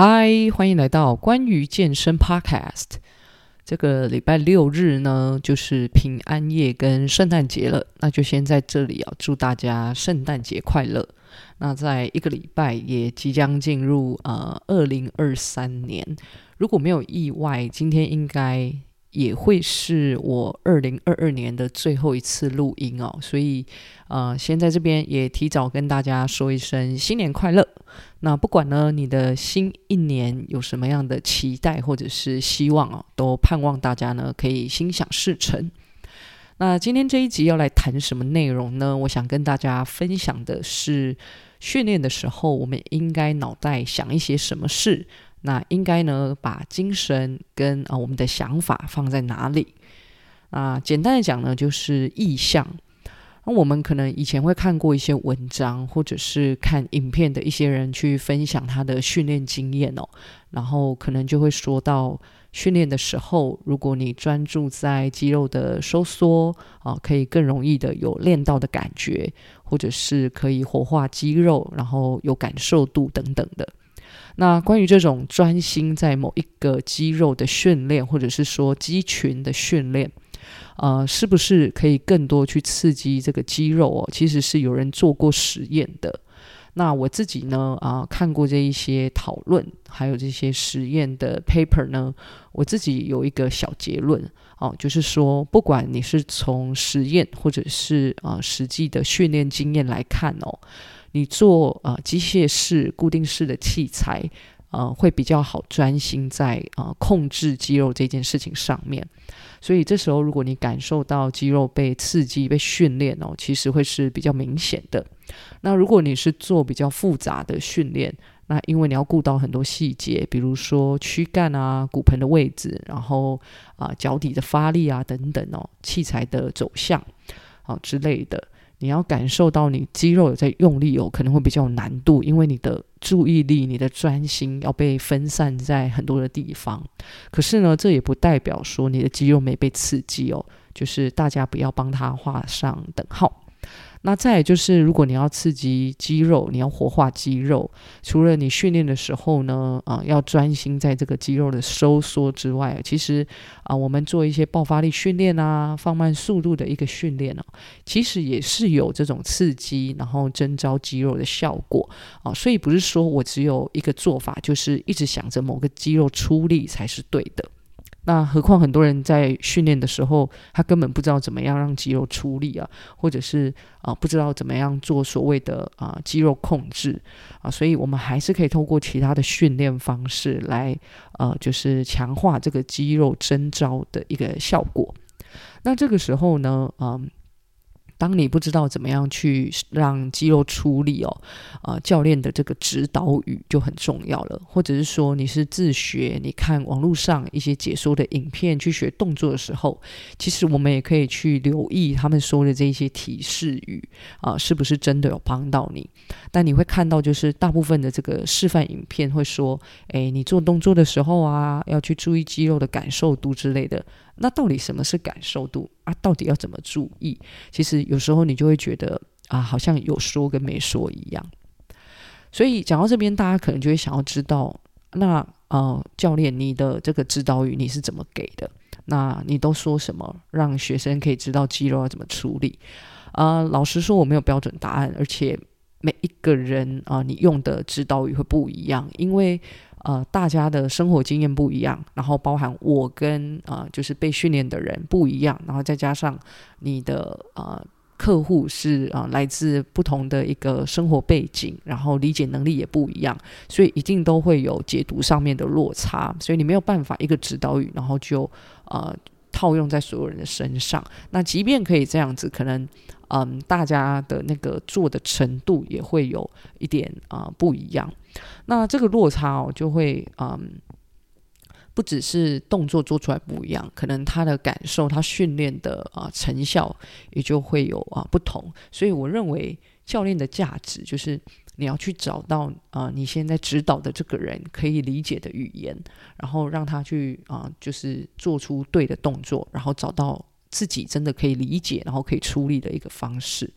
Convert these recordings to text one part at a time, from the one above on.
嗨，歡迎來到關於健身 Podcast。這個禮拜六日呢，就是平安夜跟聖誕節了。那就先在這裡啊，祝大家聖誕節快樂。那再一個禮拜也即將進入呃二零二三年，如果沒有意外，今天應該也會是我二零二二年的最後一次錄音哦，所以，呃，先在這邊也提早跟大家說一聲新年快樂。那不管呢，你的新一年有什麼樣的期待或者是希望啊、哦，都盼望大家呢可以心想事成。那今天這一集要來談什麼內容呢？我想跟大家分享的是，訓練的時候我們應該腦袋想一些什麼事。那應該呢，把精神跟啊我們的想法放在哪裡？啊，簡單的講呢，就是意象。那，啊，我們可能以前會看過一些文章，或者是看影片的一些人去分享他的訓練經驗哦。然後可能就會說到，訓練的時候，如果你專注在肌肉的收縮啊，可以更容易的有練到的感覺，或者是可以活化肌肉，然後有感受度等等的。那關於這種專心在某一個肌肉的訓練，或者是說肌群的訓練，呃，是不是可以更多去刺激這個肌肉？哦，其實是有人做過實驗的。那我自己呢，啊、呃，看過這一些討論，還有這些實驗的 paper 呢，我自己有一個小結論哦、呃，就是說，不管你是從實驗，或者是啊、呃，實際的訓練經驗來看哦。你做啊、呃、機械式固定式的器材啊、呃，會比較好專心在啊、呃、控制肌肉這件事情上面。所以這時候，如果你感受到肌肉被刺激、被訓練哦,其實會是比較明顯的。那如果你是做比較複雜的訓練，那因為你要顧到很多細節，比如說軀幹啊、骨盆的位置，然後啊、呃、腳底的發力啊等等哦，器材的走向好、哦、之類的。你要感受到你肌肉有在用力哦，可能會比較有難度，因為你的注意力、你的專心要被分散在很多的地方。可是呢，這也不代表說你的肌肉沒被刺激哦，就是大家不要幫他畫上等號。那再來就是，如果你要刺激肌肉，你要活化肌肉，除了你訓練的時候呢，啊，要專心在這個肌肉的收縮之外，其實啊，我們做一些爆發力訓練啊，放慢速度的一個訓練呢、啊，其實也是有這種刺激，然後徵召肌肉的效果啊。所以不是說我只有一個做法，就是一直想着某個肌肉出力才是對的。那何況很多人在訓練的時候，他根本不知道怎麼樣讓肌肉出力啊，或者是啊、呃、不知道怎麼樣做所謂的啊、呃、肌肉控制啊、呃，所以我們還是可以透過其他的訓練方式來呃，就是強化這個肌肉徵召的一個效果。那這個時候呢，嗯、呃。當你不知道怎麼樣去讓肌肉出力哦，啊、呃，教練的這個指導語就很重要了。或者是說你是自學，你看網絡上一些解說的影片去學動作的時候，其實我們也可以去留意他們說的這些提示語啊、呃，是不是真的有幫到你？但你會看到，就是大部分的這個示範影片會說，哎，你做動作的時候啊，要去注意肌肉的感受度之類的。那到底什麼是感受度啊？到底要怎麼注意？其實。有時候你就會覺得啊，好像有說跟沒說一樣。所以講到這邊，大家可能就會想要知道，那呃，教練你的這個指導語你是怎麼給的？那你都說什麼，讓學生可以知道肌肉要怎麼處理？啊、呃，老實說我沒有標準答案，而且每一個人啊、呃，你用的指導語會不一樣，因為呃，大家的生活經驗不一樣，然後包含我跟啊、呃，就是被訓練的人不一樣，然後再加上你的啊。呃客戶是啊、呃，來自不同的一個生活背景，然後理解能力也不一樣，所以一定都會有解讀上面的落差，所以你沒有辦法一個指導語，然後就呃套用在所有人的身上。那即便可以這樣子，可能嗯、呃、大家的那個做的程度也會有一點啊、呃、不一樣，那這個落差哦就會嗯。呃不只是動作做出來不一樣，可能他的感受、他訓練的啊、呃、成效也就會有啊、呃、不同。所以我認為教練的價值就是你要去找到啊、呃、你現在指導的這個人可以理解的語言，然後讓他去啊、呃、就是做出對的動作，然後找到。自己真的可以理解，然後可以出力的一個方式。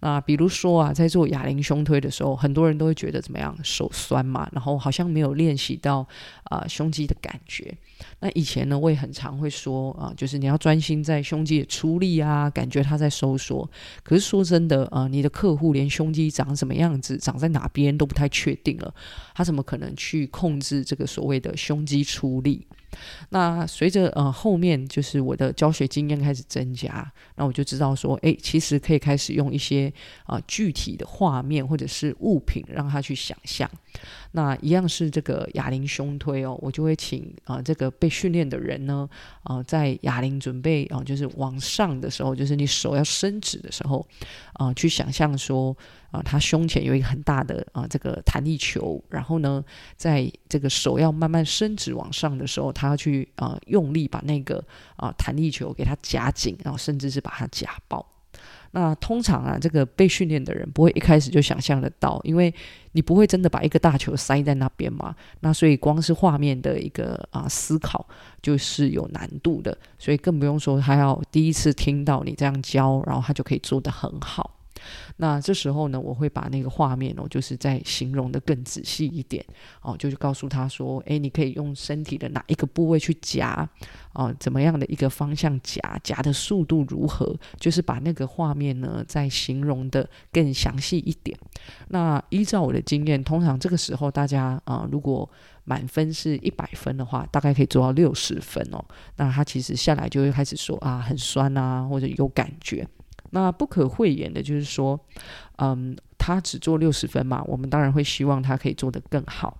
那比如說啊，在做啞鈴胸推的時候，很多人都會覺得怎麼樣？手痠嘛，然後好像沒有練習到啊、呃、胸肌的感覺。那以前呢，我也很常會說啊、呃，就是你要專心在胸肌的出力啊，感覺它在收縮。可是說真的啊、呃，你的客戶連胸肌長什麼樣子、長在哪邊都不太確定了，他怎麼可能去控制這個所謂的胸肌出力？那隨着呃後面就是我的教學經驗開始增加，那我就知道說，欸，其實可以開始用一些呃具體的畫面或者是物品讓他去想象。那一樣是這個啞鈴胸推哦，我就會請啊、呃、這個被訓練的人呢啊、呃、在啞鈴準備啊、呃、就是往上的時候，就是你手要伸直的時候啊、呃，去想象說啊他、呃、胸前有一個很大的啊、呃、這個彈力球，然後呢在這個手要慢慢伸直往上的時候，他要去啊、呃、用力把那個啊、呃、彈力球給它夾緊，然後甚至是把它夾爆。那通常啊，這個被訓練的人不會一開始就想象得到，因為你不會真的把一個大球塞在那邊嘛。那所以光是畫面的一個啊思考就是有難度的，所以更不用說他要第一次聽到你這樣教，然後他就可以做得很好。那這時候呢，我會把那個畫面哦，就是再形容得更仔細一點哦，就是告訴他說，誒，你可以用身體的哪一個部位去夾啊？怎麼樣的一個方向夾？夾的速度如何？就是把那個畫面呢，再形容得更詳細一點。那依照我的經驗，通常這個時候大家啊，如果滿分是一百分的話，大概可以做到六十分哦。那他其實下來就會開始說啊，很酸啊，或者有感覺。那不可諱言的就是說，嗯，他只做六十分嘛，我們當然會希望他可以做得更好。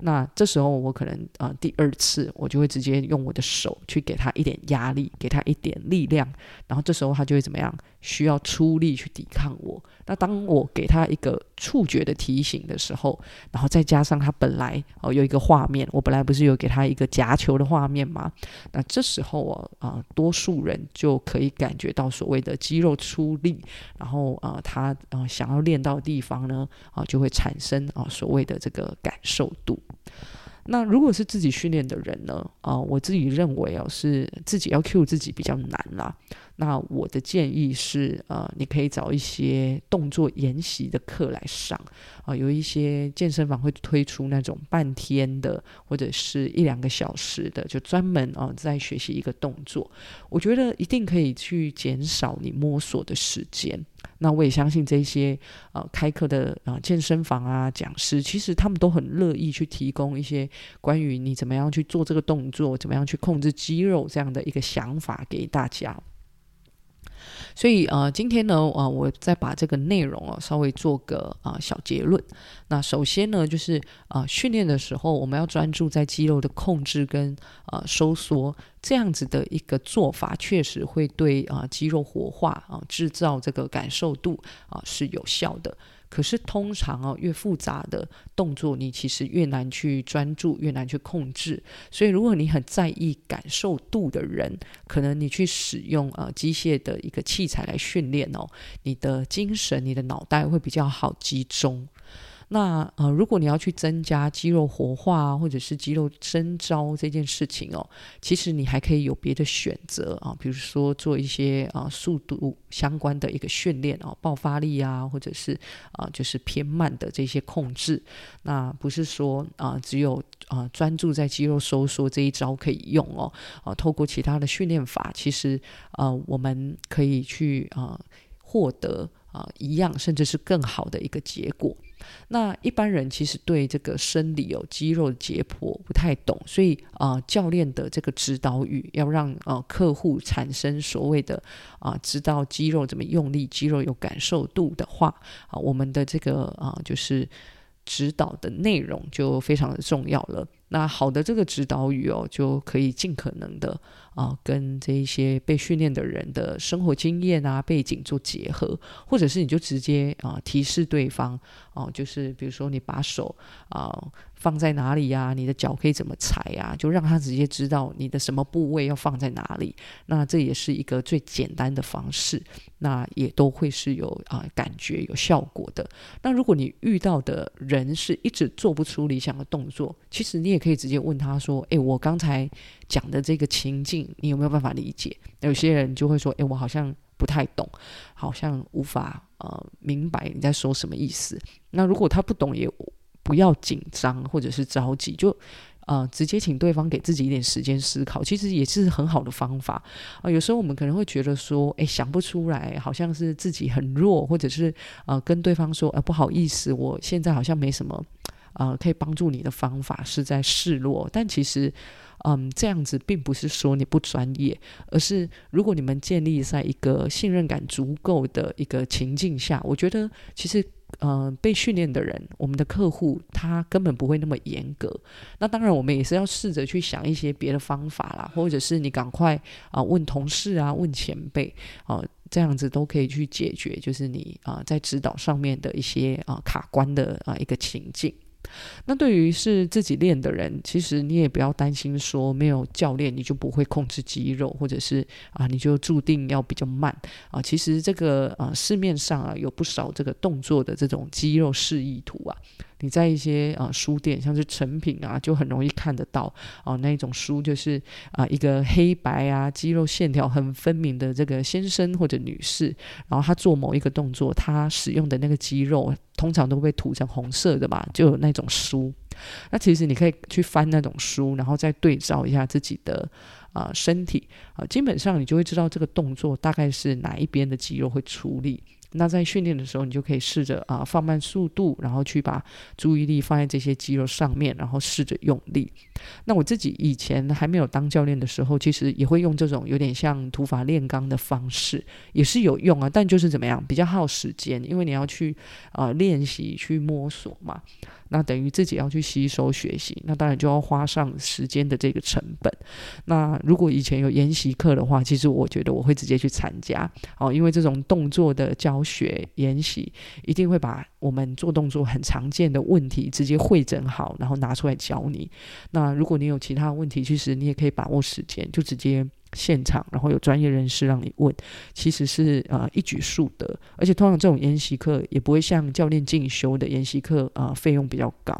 那這時候我可能呃第二次我就會直接用我的手去給他一點壓力，給他一點力量，然後這時候他就會怎麼樣？需要出力去抵抗我。那當我給他一個觸覺的提醒的時候，然後再加上他本來哦、呃、有一個畫面，我本來不是有給他一個夾球的畫面嗎？那這時候啊啊、呃，多數人就可以感覺到所謂的肌肉出力，然後啊、呃、他啊、呃、想要練到的地方呢啊、呃、就會產生啊、呃、所謂的這個感受度。那如果是自己訓練的人呢？啊、呃，我自己認為哦，是自己要 cue 自己比較難啦、啊。那我的建議是，呃，你可以找一些動作研習的課來上啊、呃，有一些健身房會推出那種半天的或者是一兩個小時的，就專門啊在學習一個動作。我覺得一定可以去減少你摸索的時間。那我也相信這些呃開課的啊、呃、健身房啊講師，其實他們都很樂意去提供一些關於你怎麼樣去做這個動作，怎麼樣去控制肌肉這樣的一個想法給大家。所以啊、呃，今天呢，啊、呃，我再把這個內容啊稍微做個啊、呃、小結論。那首先呢，就是啊、呃，訓練的時候我們要專注在肌肉的控制跟啊、呃、收縮，這樣子的一個做法，確實會對啊、呃、肌肉活化啊、呃、製造這個感受度啊、呃、是有效的。可是通常哦，越複雜的動作，你其實越難去專注，越難去控制。所以，如果你很在意感受度的人，可能你去使用呃機械的一個器材來訓練哦，你的精神、你的腦袋會比較好集中。那呃，如果你要去增加肌肉活化，啊、或者是肌肉徵召這件事情哦，其實你還可以有別的選擇啊，比如說做一些啊、呃、速度相關的一個訓練啊，爆發力啊，或者是啊、呃、就是偏慢的這些控制。那不是說啊、呃、只有啊、呃、專注在肌肉收縮這一招可以用哦啊、呃，透過其他的訓練法，其實啊、呃、我們可以去啊、呃、獲得啊、呃、一樣甚至是更好的一個結果。那一般人其實對這個生理有、哦、肌肉的解剖不太懂，所以啊、呃，教練的這個指導語要讓啊、呃、客戶產生所謂的啊、呃，知道肌肉怎麼用力，肌肉有感受度的話，啊、呃，我們的這個啊、呃，就是指導的內容就非常的重要了。那好的，這個指導語哦，就可以盡可能的啊，跟這一些被訓練的人的生活經驗啊、背景做結合，或者是你就直接啊提示對方哦、啊，就是比如說你把手啊放在哪裡呀、啊，你的腳可以怎麼踩啊，就讓他直接知道你的什麼部位要放在哪裡。那這也是一個最簡單的方式，那也都會是有啊感覺有效果的。那如果你遇到的人是一直做不出理想的動作，其實你也。可以直接問他說：“誒，我剛才講的這個情境，你有沒有辦法理解？”有些人就會說：“誒，我好像不太懂，好像無法呃明白你在說什麼意思。”那如果他不懂，也不要緊張或者是着急，就呃，直接請對方給自己一點時間思考，其實也是很好的方法啊。呃，有時候我們可能會覺得說：“誒，想不出來，好像是自己很弱，或者是呃，跟對方說：‘啊，呃，不好意思，我現在好像沒什麼。’”呃，可以幫助你的方法是在示弱，但其實，嗯，這樣子並不是說你不專業，而是如果你們建立在一個信任感足夠的一個情境下，我覺得其實，嗯、呃，被訓練的人，我們的客戶他根本不會那麼嚴格。那當然，我們也是要試着去想一些別的方法啦，或者是你趕快啊、呃、問同事啊，問前輩啊、呃、這樣子都可以去解決，就是你啊、呃、在指導上面的一些啊、呃、卡關的啊、呃、一個情境。那對於是自己練的人，其實你也不要擔心說沒有教練你就不會控制肌肉，或者是啊你就注定要比較慢啊。其實這個啊市面上啊有不少這個動作的這種肌肉示意圖啊。你在一些啊、呃、書店，像是誠品啊，就很容易看得到哦、呃。那一種書就是啊、呃，一個黑白啊肌肉線條很分明的這個先生或者女士，然後他做某一個動作，他使用的那個肌肉通常都被塗成紅色的吧？就有那種書，那其實你可以去翻那種書，然後再對照一下自己的啊、呃、身體啊、呃，基本上你就會知道這個動作大概是哪一邊的肌肉會出力。那在訓練的時候，你就可以試着啊、呃、放慢速度，然後去把注意力放在這些肌肉上面，然後試着用力。那我自己以前還沒有當教練的時候，其實也會用這種有點像土法煉鋼的方式，也是有用啊，但就是怎麼樣比較耗時間，因為你要去啊、呃、練習去摸索嘛。那等於自己要去吸收學習，那當然就要花上時間的這個成本。那如果以前有研習課的話，其實我覺得我會直接去參加哦，因為這種動作的教學研習一定會把我們做動作很常見的問題直接彙整好，然後拿出來教你。那如果你有其他問題，其實你也可以把握時間，就直接。現場，然後有專業人士讓你問，其實是啊、呃、一舉數得，而且通常這種研習課也不會像教練進修的研習課啊、呃、費用比較高，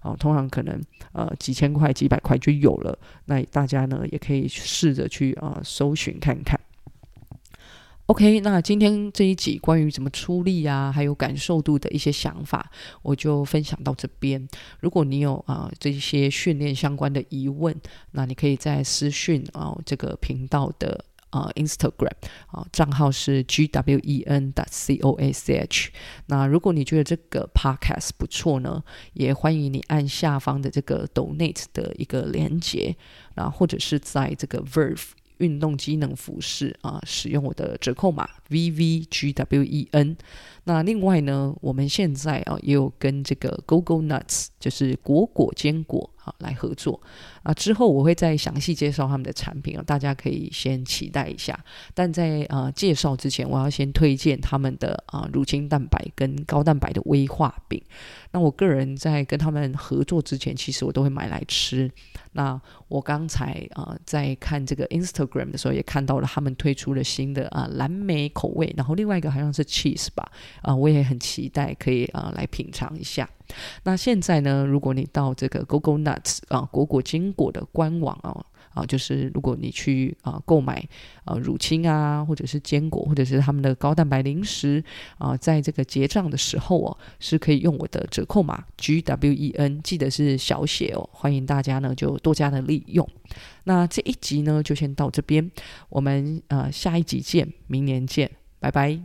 啊、呃、通常可能呃幾千塊幾百塊就有了，那大家呢也可以試着去啊、呃、搜尋看看。OK，那今天這一集關於怎麼出力啊，還有感受度的一些想法，我就分享到這邊。如果你有啊、呃、這些訓練相關的疑問，那你可以在私訊啊、呃、這個頻道的啊、呃、Instagram 啊、呃、賬號是 G W E N. dot C O A C H。那如果你覺得這個 Podcast 不錯呢，也歡迎你按下方的這個 Donate 的一個連接，啊、呃、或者是在這個 Verve。運動機能服飾啊，使用我的折扣碼 VVGWEN。那另外呢，我們現在啊也有跟這個 GOGONUT 就是果果堅果啊來合作啊。之後我會再詳細介紹他們的產品啊，大家可以先期待一下。但在啊、呃、介紹之前，我要先推薦他們的啊、呃、乳清蛋白跟高蛋白的威化餅。那我個人在跟他們合作之前，其實我都會買來吃。那我剛才啊、呃、在看這個 Instagram 的時候，也看到了他們推出了新的啊、呃、藍莓口味，然後另外一個好像是 cheese 吧。啊，我也很期待可以啊來品嘗一下。那現在呢，如果你到這個 GOGONUT 啊果果堅果的官網啊啊，就是如果你去啊購買啊乳清啊，或者是堅果，或者是他們的高蛋白零食啊，在這個結賬的時候哦、啊，是可以用我的折扣碼 G W E N，記得是小寫哦。歡迎大家呢就多加的利用。那這一集呢就先到這邊，我們呃、啊、下一集見，明年見，拜拜。